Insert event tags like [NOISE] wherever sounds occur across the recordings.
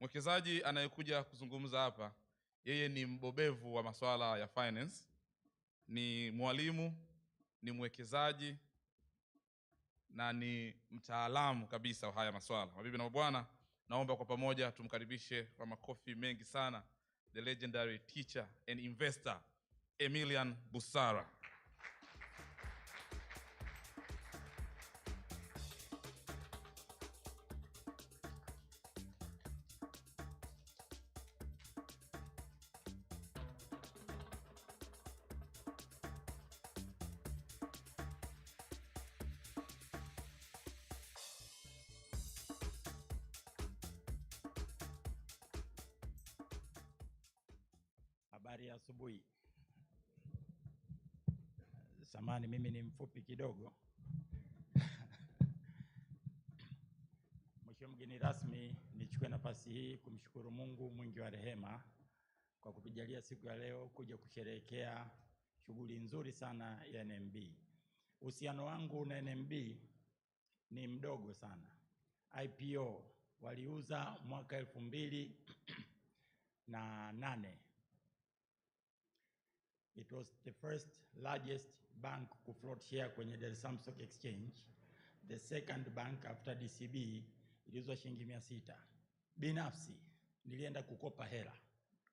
mwekezaji anayekuja kuzungumza hapa, yeye ni mbobevu wa masuala ya finance, ni mwalimu, ni mwekezaji na ni mtaalamu kabisa wa haya masuala. Mabibi na mabwana, naomba kwa pamoja tumkaribishe kwa makofi mengi sana the legendary teacher and investor Emilian Busara. habari ya asubuhi. Samani, mimi ni mfupi kidogo. Mheshimiwa mgeni rasmi, nichukue nafasi hii kumshukuru Mungu mwingi wa rehema kwa kutujalia siku ya leo kuja kusherehekea shughuli nzuri sana ya NMB. Uhusiano wangu na NMB ni mdogo sana. IPO waliuza mwaka elfu mbili na nane It was the first largest bank float share kwenye Dar es Salaam Stock Exchange, the second bank after DCB. Iliuzwa shilingi mia sita. Binafsi nilienda kukopa hela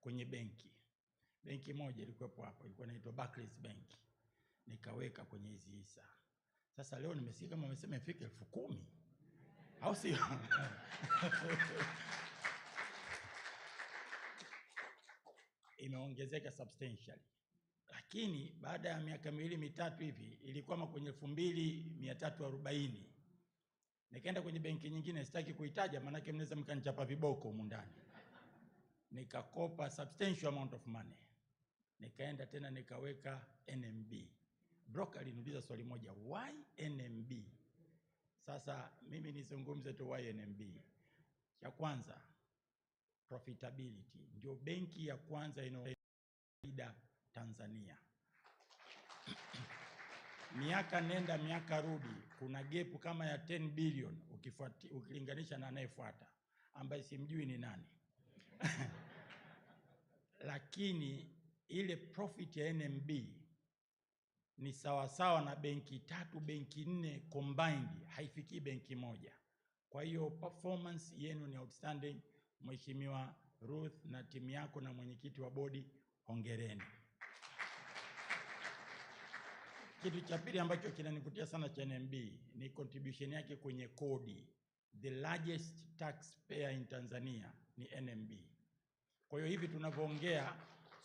kwenye benki, benki moja ilikuwepo hapo, ilikuwa inaitwa Barclays Bank, nikaweka kwenye hizi hisa. Sasa leo nimesikia kama wamesema ifike elfu kumi au sio? [LAUGHS] imeongezeka substantially lakini baada ya miaka miwili mitatu hivi ilikwama kwenye elfu mbili mia tatu arobaini nikaenda kwenye benki nyingine, sitaki kuitaja maanake mnaweza mkanichapa viboko humu ndani. Nikakopa substantial amount of money, nikaenda tena nikaweka NMB. Broker aliniuliza swali moja, why NMB? Sasa mimi nizungumze tu why NMB. Cha kwanza profitability, ndio benki ya kwanza inayofaida Tanzania. [CLEARS THROAT] miaka nenda miaka rudi, kuna gepu kama ya 10 bilioni ukilinganisha na anayefuata ambaye simjui ni nani [LAUGHS] lakini ile profit ya NMB ni sawasawa na benki tatu benki nne combined, haifikii benki moja. Kwa hiyo performance yenu ni outstanding. Mheshimiwa Ruth na timu yako na mwenyekiti wa bodi, hongereni. Kitu cha pili ambacho kinanivutia sana cha NMB ni contribution yake kwenye kodi. The largest taxpayer in Tanzania ni NMB. Kwa hiyo hivi tunavyoongea,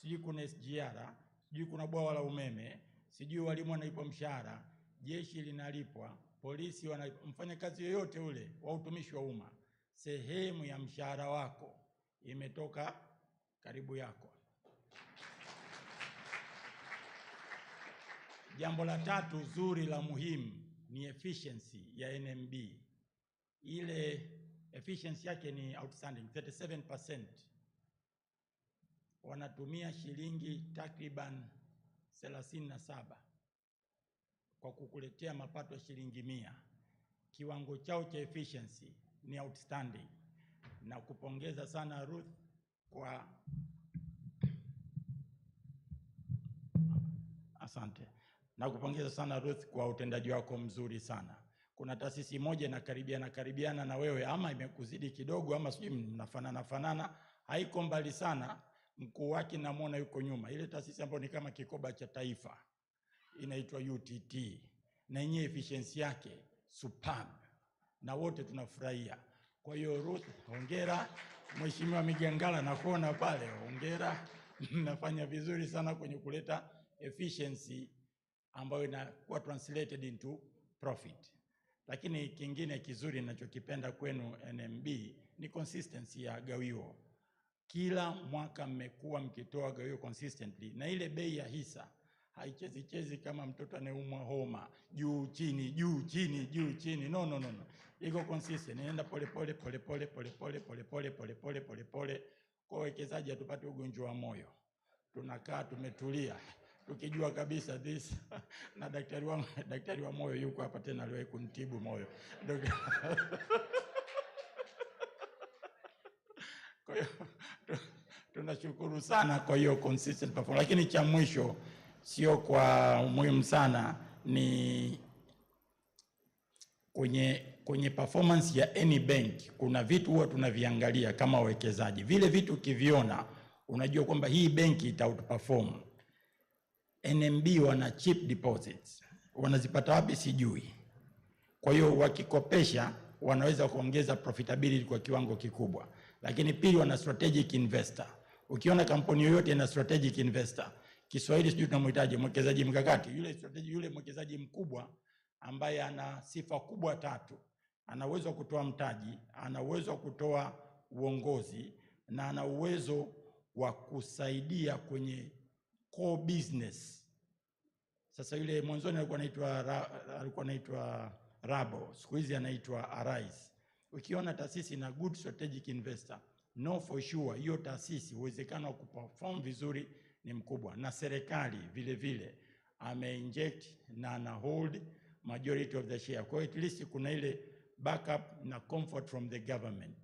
sijui kuna SGR, sijui kuna bwawa la umeme, sijui walimu wanalipwa mshahara, jeshi linalipwa, polisi wanalipwa, mfanyakazi yoyote ule wa utumishi wa umma, sehemu ya mshahara wako imetoka karibu yako. Jambo la tatu zuri la muhimu ni efficiency ya NMB. Ile efficiency yake ni outstanding 37%. Wanatumia shilingi takriban 37 kwa kukuletea mapato ya shilingi mia. Kiwango chao cha efficiency ni outstanding, na kupongeza sana Ruth kwa asante. Nakupongeza sana Ruth kwa utendaji wako mzuri sana. Kuna taasisi moja inakaribiana karibiana na wewe, ama imekuzidi kidogo, ama sijui mnafanana fanana, haiko mbali sana, mkuu wake namwona yuko nyuma. Ile taasisi ambayo ni kama kikoba cha taifa inaitwa UTT, na yenyewe efficiency yake superb, na wote tunafurahia. Kwa hiyo Ruth, hongera. Mheshimiwa Migangala, nakuona pale, hongera [LAUGHS] mnafanya vizuri sana kwenye kuleta efficiency ambayo inakuwa translated into profit. Lakini kingine kizuri ninachokipenda kwenu NMB ni consistency ya gawio. Kila mwaka mmekuwa mkitoa gawio consistently, na ile bei ya hisa haichezi chezi kama mtoto anayeumwa homa, juu chini, juu chini, juu chini. No, no, no, no. Iko consistent, inaenda pole pole pole pole pole pole pole pole pole pole pole pole. Kwa wawekezaji hatupati ugonjwa wa moyo, tunakaa tumetulia tukijua kabisa this [LAUGHS] na daktari wa, daktari wa moyo yuko hapa tena, aliwahi kunitibu moyo [LAUGHS] tunashukuru sana kwa hiyo consistent performance, lakini cha mwisho sio kwa umuhimu sana ni kwenye kwenye performance ya any bank kuna vitu huwa tunaviangalia kama wawekezaji. Vile vitu ukiviona unajua kwamba hii benki ita NMB wana cheap deposits, wanazipata wapi sijui. Kwa hiyo wakikopesha wanaweza kuongeza profitability kwa kiwango kikubwa, lakini pili, wana strategic investor. Ukiona kampuni yoyote ina strategic investor, Kiswahili sijui tunamhitaji mwekezaji mkakati, yule strategic, yule mwekezaji mkubwa ambaye ana sifa kubwa tatu, ana uwezo wa kutoa mtaji, ana uwezo wa kutoa uongozi na ana uwezo wa kusaidia kwenye core business. Sasa yule mwanzoni alikuwa anaitwa alikuwa anaitwa Rabo, siku hizi anaitwa Arise. Ukiona taasisi na good strategic investor, no for sure hiyo taasisi uwezekano wa kuperform vizuri ni mkubwa, na serikali vile vile ameinject na ana hold majority of the share. Kwa at least kuna ile backup na comfort from the government.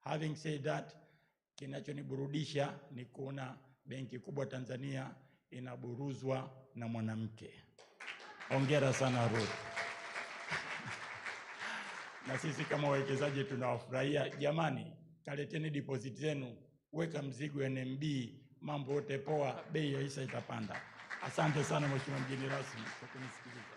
Having said that, kinachoniburudisha ni kuona benki kubwa Tanzania inaburuzwa na mwanamke. Hongera sana Ruth. [LAUGHS] na sisi kama wawekezaji tunawafurahia jamani, kaleteni deposit zenu, weka mzigo NMB, mambo yote poa, bei ya hisa itapanda. Asante sana Mheshimiwa mgeni rasmi kwa kunisikiliza.